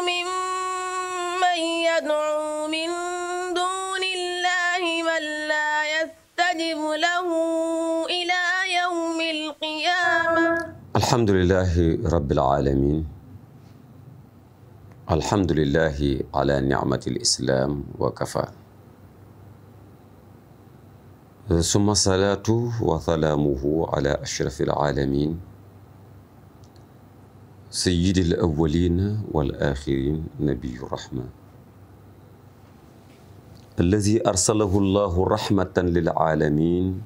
ممن يدعو من دون الله من لا يستجب له إلى يوم القيامة الحمد لله رب العالمين الحمد لله على نعمة الإسلام وكفى ثم صلاته وسلامه على أشرف العالمين sayyidil awwalina wal axirin nabiyu rahma allazi arsalahu llahu rahmatan lil aalamin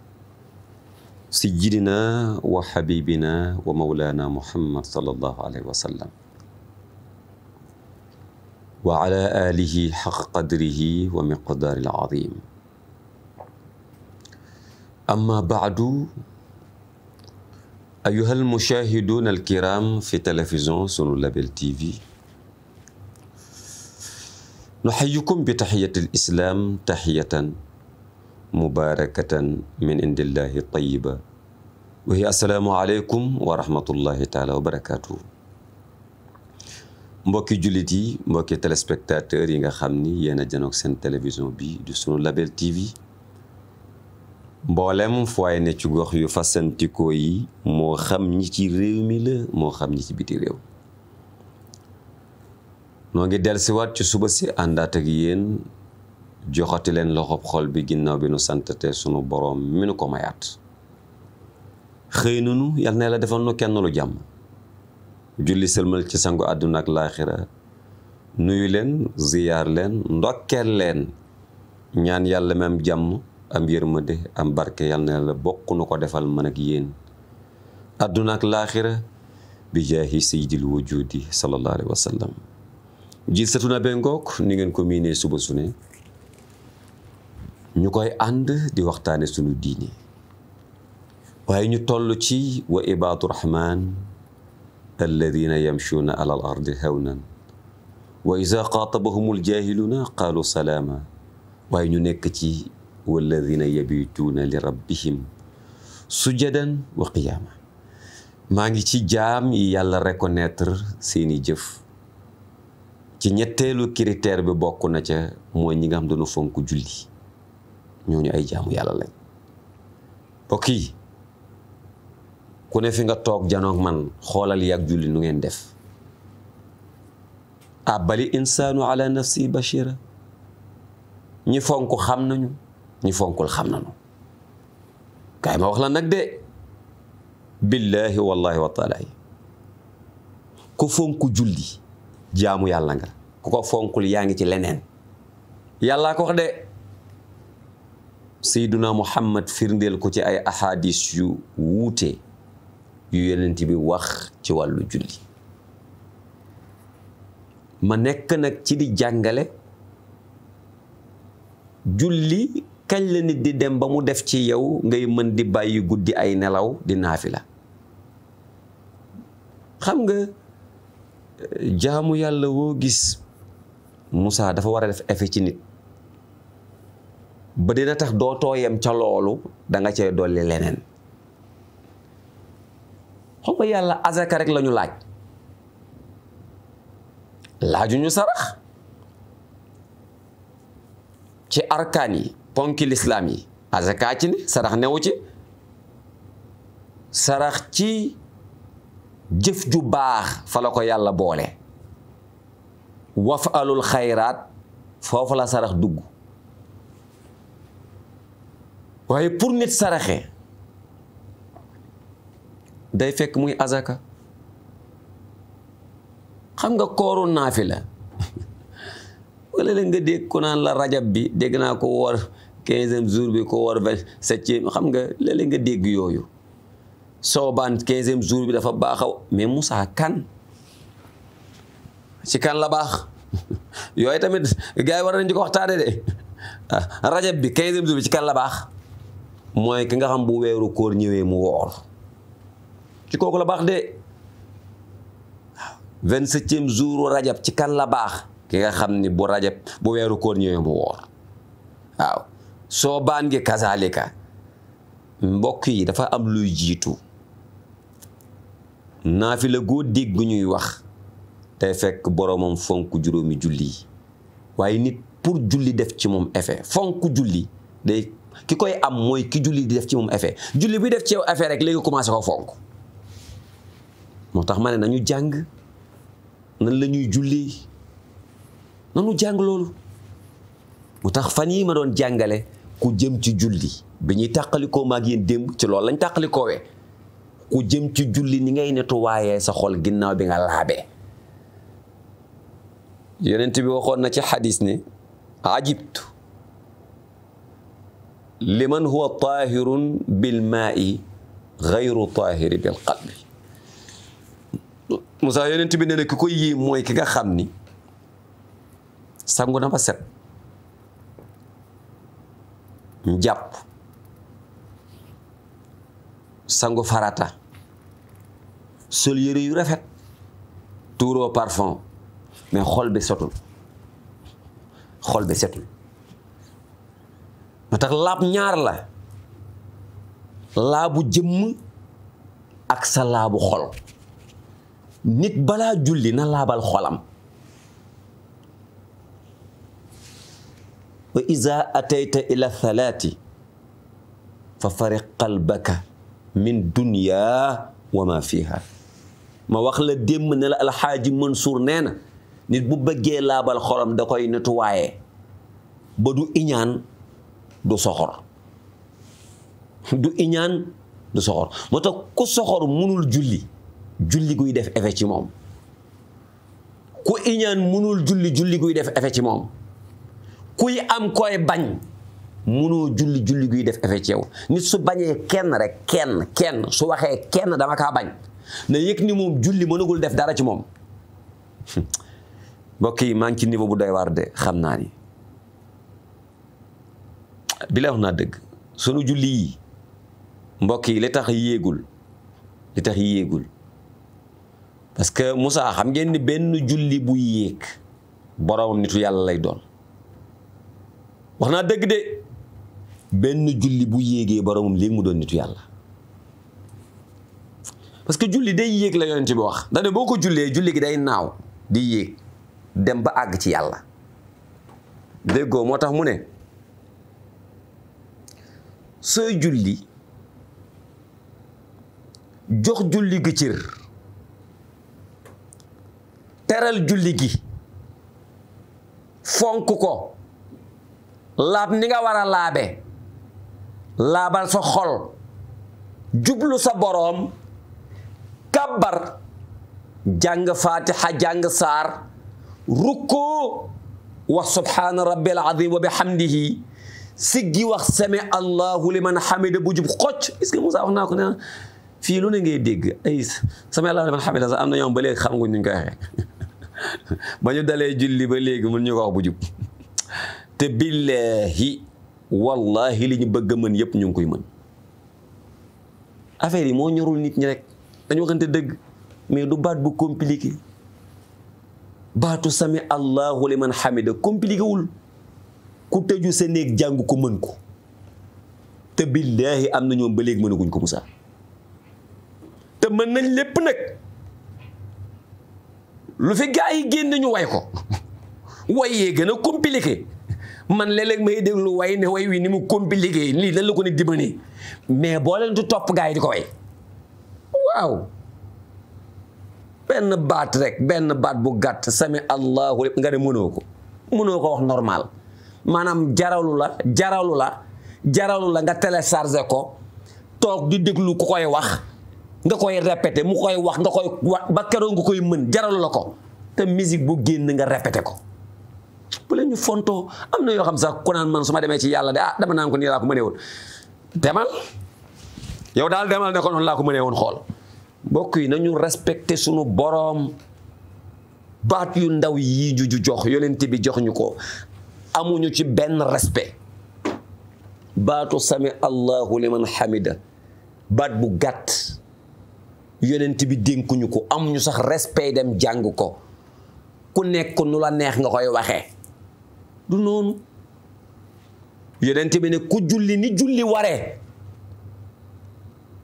sayyidina wa xabibina wa mawlana muhammad sallallahu alayhi wa sallam wa ala alihi xaq qadrihi wa miqdaaril aziim amma baadu ayuhal mushaahiduuna alkiram fi télévision sunu label tv nuxayyikum bi taxiyati lislaam taxiyatan mubaarakatan min indillahi tayiba wa hiya assalaamu aleykum wa rahmatullahi taala wa barakaatuhu mbokki jullit yi mbokki téléspectateurs yi nga xam ni yéen a janoog seen télévision bi du sunu label tv mboolem fu waay ne ci gox yu fasantikoo yi moo xam ñi ci réew mi la moo xam ñi ci biti réew noo ngi dellusiwaat ci suba si àndaat ak yéen joxati leen loxo xol bi ginnaaw bi nu santate sunu boroom mi nu ko mayaat xëy nunu yal na la defal nu kenn lu jàmm julli sëlmal ci sangu àdduna ak laaxira nuyu leen ziyaar leen ndokkeel leen ñaan yàlla mem jàmm am yërmande am barke yal na yàlla bokk nu ko defal man ak yéen àdduna ak laaxira bi jaahi sayyidil wujudi sallallahu alayhi wa sallam jiir satuna bengook ni ko miinee suba su ñu koy ànd di waxtaane sunu diine waaye ñu toll ci wa ibaadu rahman alladina yamchuuna ala al ardi hawnan wa ida xaatabahum aljahiluuna qaalu waaye ñu nekk ci walladina yabituuna li rabbihim sujadan wa qiyaama maa ngi ci jaam yi yàlla reconnaître seeni jëf ci ñetteelu critère bi bokk na ca mooy ñi nga xam dañu fonk julli ñooñu ay jaamu yàlla lañ mbokk yi ku ne fi nga toog janoog man xoolal yàgg julli nu ngeen def abali insaanu ala nafsi bashira ñi fonk xam nañu ñi fonkul xam nañu kaay ma wax la nag de billaahi wallaahi wa taala ku fonku julli jaamu yàlla nga ku ko fonkul yaa ngi ci leneen yàlla ko wax de sayduna muhammad firndeel ko ci ay ahadis yu wuute yu yonent bi wax ci wàllu julli ma nekk nag ci di jàngale julli kañ la nit di dem ba mu def ci yow ngay mën di bàyyi guddi ay nelaw di naafila xam nga jaamu yàlla woo gis Moussa dafa war a def effet ci nit ba dina tax doo tooyam ca loolu danga nga dolli leneen xam nga yàlla azaka rek la laaj laaju ñu sarax ci arkaan yi ponki lislaam yi azaka ah, ci ne sarax newu ci sarax ci jëf ju baax fala ko yàlla boole waf alul xayraat foofu la sarax dugg waaye pour nit saraxe day fekk muy azaka xam nga kooru naafi la la nga dégg ko naan la rajab bi dégg naa ko woor quinzième jours bi ko war vingt septième xam nga léeg nga dégg yooyu soobaan quinzième jour bi dafa baaxaw mais Moussa kan ci kan la baax yooyu tamit gars yi war nañu ko waxtaane de ah, rajab bi quinzième jour ci kan la baax mooy ki nga xam bu weeru koor ñëwee mu woor ci kooku la baax de waaw vingt-septième jour rajab ci kan la baax ki nga xam ni bu rajab bu weeru koor ñëwee mu woor soo baan nge kazalika mbokk yi dafa am luy jiitu naafila goo dégg ñuy wax tey fekk boroomam fonk juróomi julli yi waaye nit pour julli def ci moom effet fonk julli day ki koy am mooy ki julli di def ci moom effet julli bi def ci yow effet léegi commencé ko fonk moo tax mane ne nañu jàng nan la ñuy julli jàng loolu moo tax fan yi ma doon jàngale ku jëm ci julli bi ñuy tàqalikoo maag ci loolu lañ tàqalikoowee ku jëm ci julli ni ngay netuwaayee sa xol ginnaaw bi nga laabee yonent bi waxoon na ci xadis ne ajibtu liman huwa taahirun bil maa'i gayru taahiri bil qalbi Moussa yonent bi ne ne ki koy yéem mooy ki nga xam ni sangu na ba set njàpp sangu farata sol yére yu rafet tuuroo parfum mais xol bi sotul xol bi setul moo tax laab ñaar la laabu jëmm ak sa laabu xol nit balaa julli na laabal xolam wa iza atayta ila thalaati fa fariq qalbaka min dunya wa ma fiha ma wax la démb ne la alxaaji Mansour nee na nit bu bëggee laabal xolam da koy nettuwaaye ba du iñaan du soxor du iñaan du soxor moo tax ku soxor munul julli julli guy def effet ci moom ku iñaan munul julli julli guy def effet ci moom kuy am koy bañ munoo julli julli guy def effet ci nit su bañee kenn rek kenn kenn su waxee kenn dama kaa bañ na yëg ni moom julli mënagul def dara ci moom mbokk yi maa ngi ci niveau bu doy waar de xam naa ni bi wax naa dëgg sunu julli mbokk yi li tax yéegul li tax yéegul parce que Moussa xam ngeen ni benn julli bu yéeg boroomam nitu yàlla lay doon wax naa dëgg de benn julli bu yéegee boromam léegi mu doon nitu yàlla parce que julli day yéeg la yonent bi wax ndax boo ko jullee julli gi day naaw di yéeg dem ba àgg ci yàlla déggoo moo tax mu ne sooy julli jox julli gi cër teral julli gi fonk ko laab ni nga war a laabe laabal sa xol jublu sa boroom kabbar jàng fatiha jàng saar rukkoo wax subhaana rabbil azim wa bihamdihi siggi wax sami allahu liman hamida bu jub xocc est-ce que Moussa wax naa ko ne fii lu ne ngay dégg ay sami allahu liman hamida sa am na ñoom ba léegi xam nga nuñ koy waxee ba ñu dalee julli ba léegi mun ñu ko bu jub te billaahi wallaahi li ñu bëgg a mën yëpp ñu ngi koy mën affaire yi moo ñorul nit ñi rek dañu waxante dëgg mais du baat bu compliqué baatu sami allahu liman hamida compliqué wul ku tëju sa néeg jàng ko mën ko te billaahi am na ñoom ba léegi mënaguñ ko Moussa te mën nañ lépp nag lu fekk ay yi génn ñu way ko wayee gën a compliqué man léeg-léeg may déglu way ne way wi ni mu compliqué lii lan la ko ne dimane mais boo leen du topp gars yi di ko way waaw benn baat rek benn baat bu gàtt sami allahu lépp nga ne mënoo ko mënoo ko wax normal maanaam jaralu la jaralu la jaralu la nga téléchargé ko toog di déglu ku koy wax nga koy répété mu koy wax nga koy wax ba keroog nga koy mën jaralu la ko te musique bu génn nga répété ko bu leen ñu fontoo am na yoo xam sax ku naan man su ma demee ci yàlla de ah dama naan ko nii laa ko mënee woon demal yow daal demal ne ko laa ko mënee woon xool mbokk yi nañu respecté sunu boroom baat yu ndaw yi ju jox yonent bi jox ñu ko amuñu ci benn respect baatu sami allahu liman hamida baat bu gàtt yonent bi dénkuñu ko amuñu sax respect dem jàng ko ku nekk nu la neex nga koy waxee du noonu yonent bi ne ku julli ni julli ware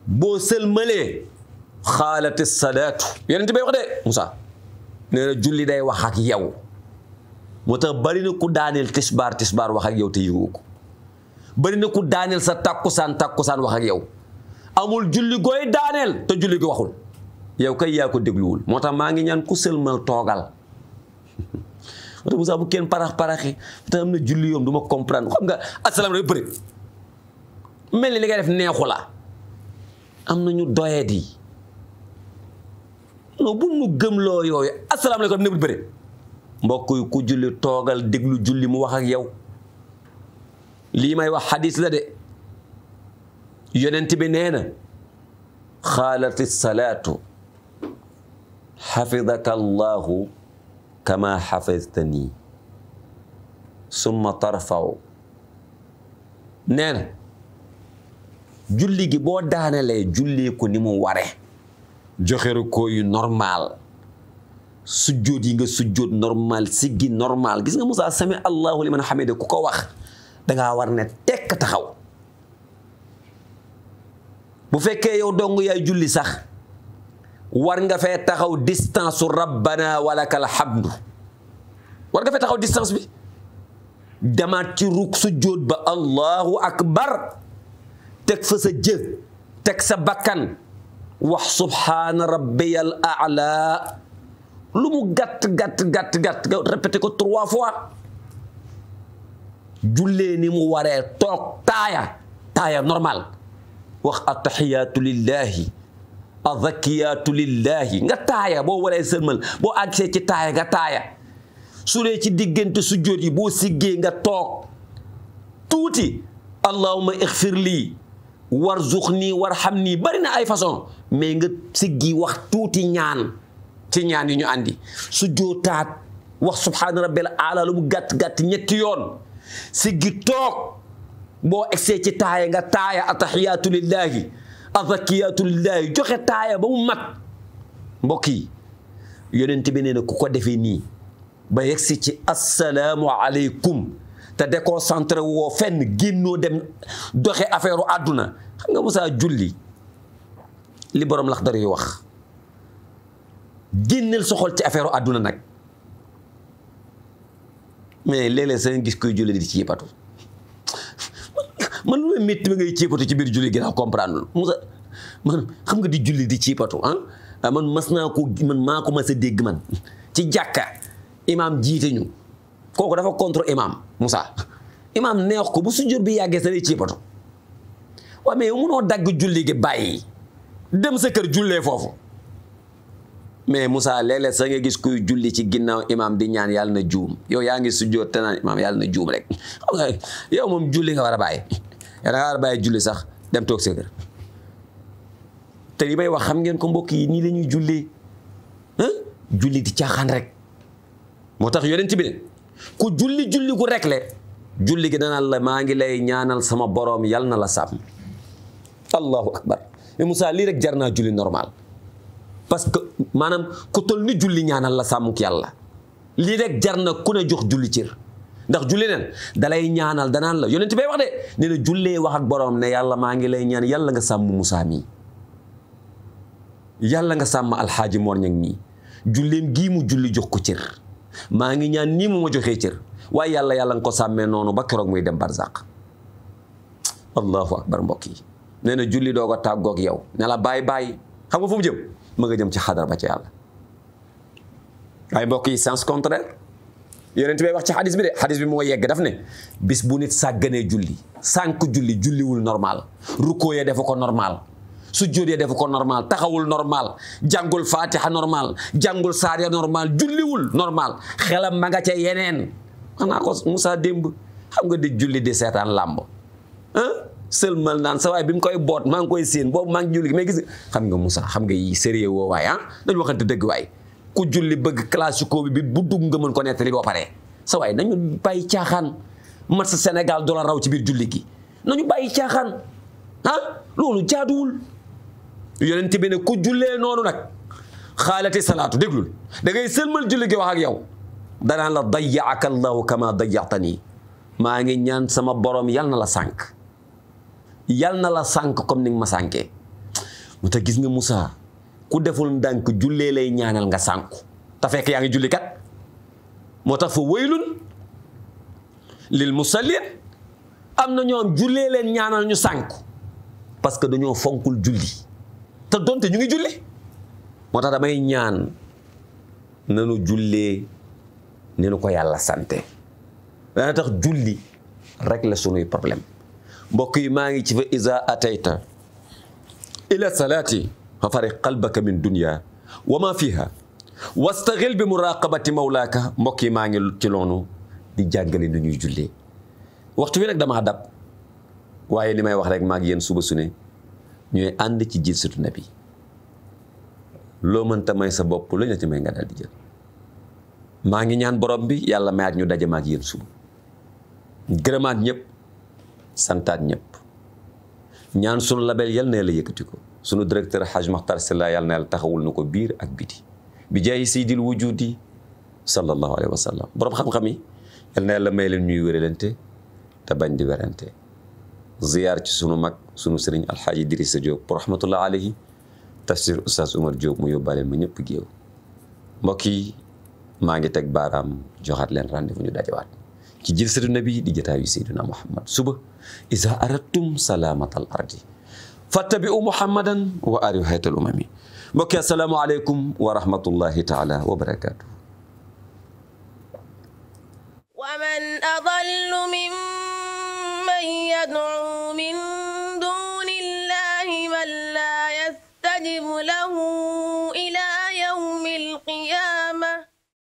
boo sëlmalee xaalati salaatu yonent bi wax de Moussa nee julli day wax ak yow moo tax bari na ku daaneel tisbaar tisbaar wax ak yow te bari na ku daaneel sa takkusaan takkusaan wax ak yow amul julli gooy daaneel te julli gi waxul yow kay yaa ko dégluwul moo tax maa ngi ñaan ku sëlmal toogal moo tax Moussa bu kenn parax paraxee te am na julli yoom du ma comprendre xam nga asalaamaaleykum bëri mel ni li ngay def neexu la am na ñu doyee di non bu ñu gëmloo yooyu asalaamaaleykum nebul bëri mbokk yi ku julli toogal déglu julli mu wax ak yow lii may wax xadis la de yonent bi nee na xaalati salaatu xafidaka allahu kama xafastanii summa tarfaw nee na julli gi boo daanalee jullee ko ni mu ware joxeru ko yu normal yi nga sujjóot normal siggi normal gis nga Moussa sami allahu liman hamida ku ko wax dangaa war ne tekk taxaw bu fekkee yow dong yaay julli sax war nga fee taxaw distance su wala walakal hamdu war nga fee taxaw distance bi demaat ci ruk su jóot ba allahu akbar teg fa sa jë teg sa bakkan wax subhaana rabbiyal a'la lu mu gàtt gàtt gàtt gàtt nga répété ko trois fois jullee ni mu waree toog taaya taaya normal wax attaxiyaatu lillahi azakiyatu lillahi nga taaya boo waree sërmal boo àggsee ci taaya nga taaya su dee ci diggante su jóot yi boo siggee nga toog tuuti allahuma ixfir lii warzuq nii warxam nii bari na ay façon mais nga siggi wax tuuti ñaan ci ñaan yi ñu àndi su jootaat wax subhaana rabbil ala lu bu gàtt-gàtt ñetti yoon siggi toog boo egsee ci taaya nga taaya ataxiyaatu lillahi azakiyatullaahi joxe taaya ba mu mag mbokk yi yonent bi nee ku ko defee nii ba yegsi ci assalaamu aleykum te de koo centré woo fenn génnoo dem doxe affaire u àdduna xam nga musaa julli li borom laxdar yu wax génneel soxol ci affaire u àdduna nag mais léeg-léeg sa gis koy julli di ci yëppatu man lu may métti mi ngay ciipatu ci biir julli gi laa comprendre lu man xam nga di julli di ciipatu ah, ah man mas naa ko man maa ko mas a dégg man ci jàkka imaam jiite ñu kooku dafa contre imaam Moussa imaam neex ko bu sujjóot bi yàggee sa day ciipatu waaw mais dagg julli bàyyi dem sa kër jullee foofu mais Moussa léeg-léeg sa nga gis kuy julli ci ginnaaw imaam di ñaan yàlla na juum yow yaa ngi sujjóot te naan imaam yàlla na juum rek yow moom julli nga war a bàyyi yaa da nga war julli sax dem toog sa te li may wax xam ngeen ko mbokk yi nii la ñuy julli di caaxaan rek moo tax yonent bi ne ku julli julli gu rek le julli gi danaan la maa ngi lay ñaanal sama boroom yal na la sàmm allahu akbar mais Moussa lii rek jar naa julli normal parce que maanaam ku tol ni julli ñaanal la sàmmuk yàlla lii rek jar na jox julli cër ndax julli neen dalay ñaanal danaan la yonent bay wax de nee na jullee wax ak ne yàlla maa ngi lay ñaan yàlla nga sàmm Moussa mii yàlla nga sàmm alxaaji Mor Ñang mii julleem gii mu julli jox ko cër ngi ñaan nii mu ma joxee cër waaye yàlla yàlla nga ko sàmmee noonu ba keroog muy dem barzaq allahu akbar mbokk yi nee na julli doo ko tàggoog yow ne la bàyyi bàyyi xam nga fu mu ma nga jëm ci xadar ba ci yàlla yonent bi wax ci xadis bi de xadis bi moo yegg daf ne bis bu nit sàgganee julli sànq julli wul normal rukkoo ya defu ko normal su jóodee defu ko normal taxawul normal jàngul fatiha normal jàngul saariya normal julliwul normal xelam ma nga ca yeneen xanaa ko Moussa démb xam nga di julli di seetaan làmb ah sëlmal naan sa waay bi mu koy boot maa ngi koy séen boobu maa ngi julli mais gis xam nga Moussa xam nga yi sérieux waaye waay ah dañu waxante dëgg waay ku julli bëgg classico bi bu dugg nga mën ko nettali boo paree sa waay nañu bàyyi caaxaan mat sa Sénégal doola raw ci biir julli gi nañu bàyyi caaxaan ah loolu jaaduwul yonent bi ne ku jullee noonu nag xaalati salaatu déglul da ngay sëlmal julli gi wax ak yow danaan la dayaaka allahu kama dayatani maa ngi ñaan sama borom yal na la sànq yal na la sànq comme ni ma sànkee mu ta gis nga Moussa ku deful ndànk jullee lay ñaanal nga sànku te fekk yaa ngi julli kat moo tax fa waylun lil musallin am na ñoom jullee leen ñaanal ñu sànku parce que dañoo fonkul julli te donte ñu ngi julli moo tax damay ñaan nanu jullee ni nu ko yàlla sante dana tax julli rek la sunuy problème mbokk yi maa ngi ci fa iza atayta ila salaati fafarix qalbaka min dunya wa ma fiha wastaxil bi muraqabati mawlaaka mbokk yi maa ngi ci loonu di jàngale nu ñuy julle waxtu wi nag damaa dab waaye li may wax rek maa ngi yéen suba su ne ànd ci na bi loo mënta may sa bopp lu ñu ci may nga daal di jël maa ngi ñaan borom bi yàlla mayaat ñu daje maag yéen suba gërëmaat ñëpp santaat ñëpp ñaan sunu label yal na la yëkkati ko sunu directeur Hadj Makhtar Sylla yàlla na yàlla taxawul nu ko biir ak biti bi jaay seydil wujudi sallallahu alayhi wa sallam borom xam-xam yi yàlla na yàlla may leen ñuy wérelante te bañ di werante ziyaar ci sunu mag sunu sëriñ alxaaji Idrissa Diop rahmatullah alayhi tafsir oustaz Oumar Diop mu yóbbaale ma ñëpp géew mbokk yi maa ngi teg baaraam joxaat leen rendez-vous ñu dajewaat ci jilsatu nabi di jotaayu seydina Muhammad suba iza aradtum salaamatal ardi fattabi'u muhammadan wa aalihi haytal umami mbokki assalaamu aleykum wa rahmatullahi taala wa barakaatu wa man adallu mimman yad'u min